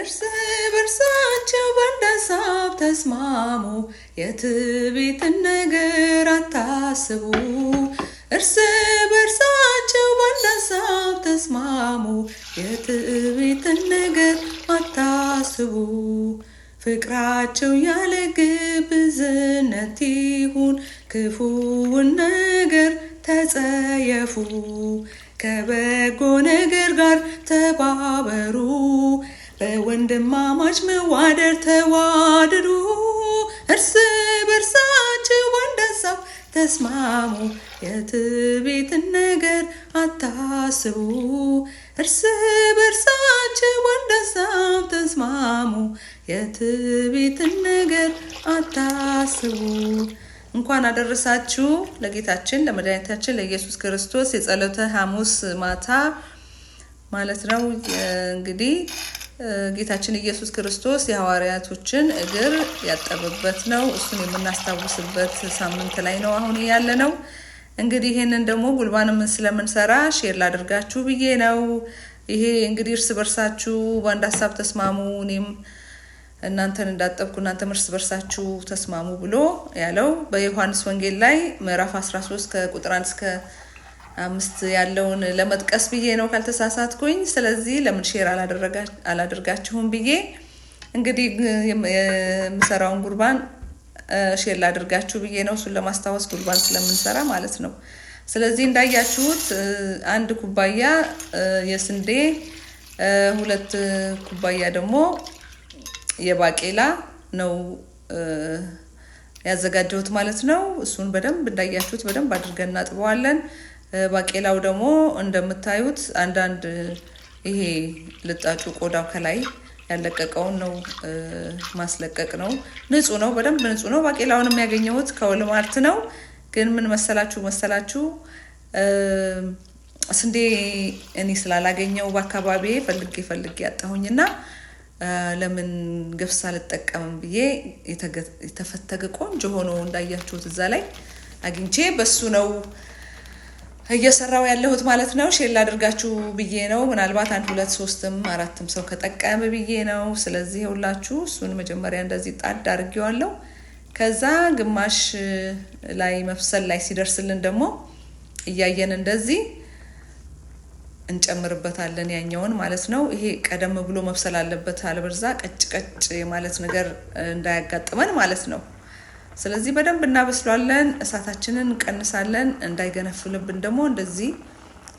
እርስ በርሳቸው በአንድ ሀሳብ ተስማሙ፣ የትዕቢትን ነገር አታስቡ። እርስ በርሳቸው በአንድ ሀሳብ ተስማሙ፣ የትዕቢትን ነገር አታስቡ። ፍቅራቸው ያለ ግብዝነት ይሁን፣ ክፉውን ነገር ተጸየፉ፣ ከበጎ ነገር ጋር ተባበሩ። ወንድማማች መዋደር ተዋደዱ እርስ በርሳችሁ ወንደሰው ተስማሙ የትዕቢትን ነገር አታስቡ እርስ በርሳችሁ ወንደሰው ተስማሙ የትዕቢትን ነገር አታስቡ። እንኳን አደረሳችሁ ለጌታችን ለመድኃኒታችን ለኢየሱስ ክርስቶስ የጸሎተ ሐሙስ ማታ ማለት ነው እንግዲህ ጌታችን ኢየሱስ ክርስቶስ የሐዋርያቶችን እግር ያጠበበት ነው። እሱን የምናስታውስበት ሳምንት ላይ ነው አሁን ያለ ነው። እንግዲህ ይህንን ደግሞ ጉልባንም ስለምንሰራ ሼር ላደርጋችሁ ብዬ ነው። ይሄ እንግዲህ እርስ በርሳችሁ በአንድ ሀሳብ ተስማሙ፣ እኔም እናንተን እንዳጠብኩ እናንተም እርስ በርሳችሁ ተስማሙ ብሎ ያለው በዮሐንስ ወንጌል ላይ ምዕራፍ 13 ከቁጥር 1 እስከ አምስት ያለውን ለመጥቀስ ብዬ ነው ካልተሳሳትኩኝ። ስለዚህ ለምን ሼር አላደርጋችሁም ብዬ እንግዲህ የምሰራውን ጉርባን ሼር ላደርጋችሁ ብዬ ነው እሱን ለማስታወስ ጉርባን ስለምንሰራ ማለት ነው። ስለዚህ እንዳያችሁት አንድ ኩባያ የስንዴ ሁለት ኩባያ ደግሞ የባቄላ ነው ያዘጋጀሁት ማለት ነው። እሱን በደንብ እንዳያችሁት በደንብ አድርገን እናጥበዋለን። ባቄላው ደግሞ እንደምታዩት አንዳንድ ይሄ ልጣጩ ቆዳው ከላይ ያለቀቀውን ነው ማስለቀቅ ነው። ንጹህ ነው፣ በደንብ ንጹህ ነው። ባቄላውን የሚያገኘሁት ከወልማርት ነው። ግን ምን መሰላችሁ መሰላችሁ ስንዴ እኔ ስላላገኘው በአካባቢ ፈልጌ ፈልጌ ያጣሁኝና ለምን ገብስ አልጠቀምም ብዬ የተፈተገ ቆንጆ ሆኖ እንዳያችሁት እዛ ላይ አግኝቼ በሱ ነው እየሰራው ያለሁት ማለት ነው። ሼል አድርጋችሁ ብዬ ነው። ምናልባት አንድ ሁለት ሶስትም አራትም ሰው ከጠቀመ ብዬ ነው። ስለዚህ ሁላችሁ እሱን መጀመሪያ እንደዚህ ጣድ አድርጌዋለሁ። ከዛ ግማሽ ላይ መፍሰል ላይ ሲደርስልን ደግሞ እያየን እንደዚህ እንጨምርበታለን ያኛውን ማለት ነው። ይሄ ቀደም ብሎ መብሰል አለበት፣ አለበለዚያ ቀጭ ቀጭ የማለት ነገር እንዳያጋጥመን ማለት ነው። ስለዚህ በደንብ እናበስሏለን። እሳታችንን እንቀንሳለን። እንዳይገነፍልብን ደግሞ እንደዚህ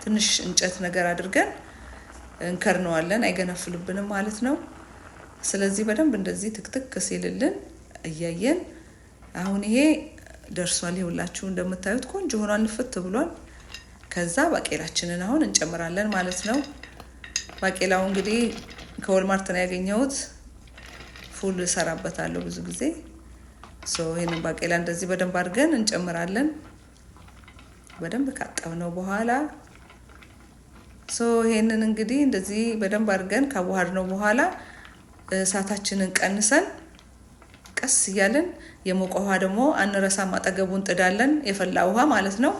ትንሽ እንጨት ነገር አድርገን እንከርነዋለን። አይገነፍልብንም ማለት ነው። ስለዚህ በደንብ እንደዚህ ትክትክ ሲልልን እያየን አሁን ይሄ ደርሷል። ይኸውላችሁ እንደምታዩት ቆንጆ ሆኗል፣ ንፍት ብሏል። ከዛ ባቄላችንን አሁን እንጨምራለን ማለት ነው። ባቄላው እንግዲህ ከወልማርት ነው ያገኘሁት። ፉል እሰራበታለሁ ብዙ ጊዜ ይህንን ባቄላ እንደዚህ በደንብ አድርገን እንጨምራለን። በደንብ ካጠብነው በኋላ ይህንን እንግዲህ እንደዚህ በደንብ አድርገን ካዋሃድነው በኋላ እሳታችንን ቀንሰን ቀስ እያለን የሞቀ ውሃ ደግሞ አንረሳም፣ አጠገቡ እንጥዳለን። የፈላ ውሃ ማለት ነው።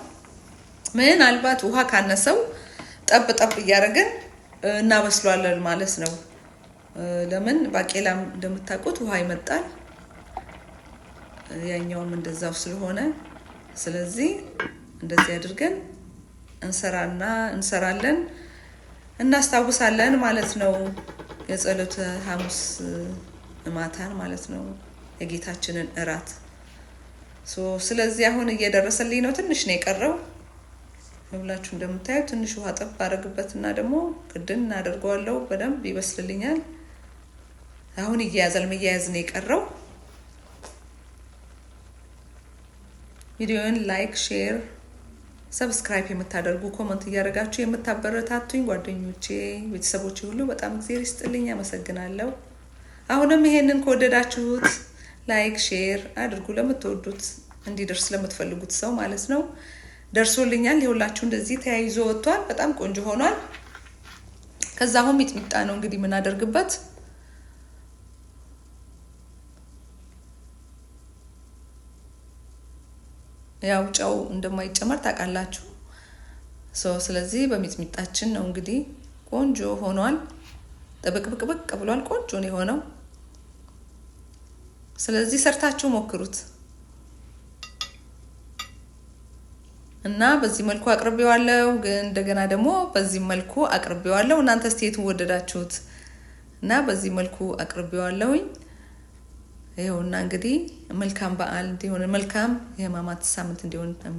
ምናልባት ውሃ ካነሰው ጠብ ጠብ እያደረግን እናበስሏለን ማለት ነው። ለምን ባቄላም እንደምታውቁት ውሃ ይመጣል። ያኛውም እንደዛው ስለሆነ ስለዚህ እንደዚህ አድርገን እንሰራና እንሰራለን እናስታውሳለን ማለት ነው። የጸሎተ ሐሙስ ማታን ማለት ነው የጌታችንን እራት። ስለዚህ አሁን እየደረሰልኝ ነው። ትንሽ ነው የቀረው። ሁላችሁ እንደምታዩ ትንሽ ውሃ ጠብ አደርግበትና ደግሞ ቅድን እናደርገዋለው። በደንብ ይበስልልኛል። አሁን እያያዘል መያያዝ ነው የቀረው። ቪዲዮን ላይክ፣ ሼር፣ ሰብስክራይብ የምታደርጉ ኮመንት እያደረጋችሁ የምታበረታቱኝ ጓደኞቼ፣ ቤተሰቦቼ ሁሉ በጣም እግዚአብሔር ይስጥልኝ፣ አመሰግናለሁ። አሁንም ይሄንን ከወደዳችሁት ላይክ፣ ሼር አድርጉ ለምትወዱት እንዲደርስ ለምትፈልጉት ሰው ማለት ነው። ደርሶልኛል። የሁላችሁ እንደዚህ ተያይዞ ወጥቷል። በጣም ቆንጆ ሆኗል። ከዛ አሁን ሚጥሚጣ ነው እንግዲህ የምናደርግበት ያው ጨው እንደማይጨመር ታውቃላችሁ። ስለዚህ በሚጥሚጣችን ነው እንግዲህ ቆንጆ ሆኗል። ጥብቅብቅብቅ ብሏል። ቆንጆ ነው የሆነው። ስለዚህ ሰርታችሁ ሞክሩት እና በዚህ መልኩ አቅርቤዋለሁ። ግን እንደገና ደግሞ በዚህ መልኩ አቅርቤዋለሁ። እናንተ ስቴት ወደዳችሁት? እና በዚህ መልኩ አቅርቤዋለሁኝ። ይኸውና እንግዲህ መልካም በዓል እንዲሆን መልካም የሕማማት ሳምንት እንዲሆን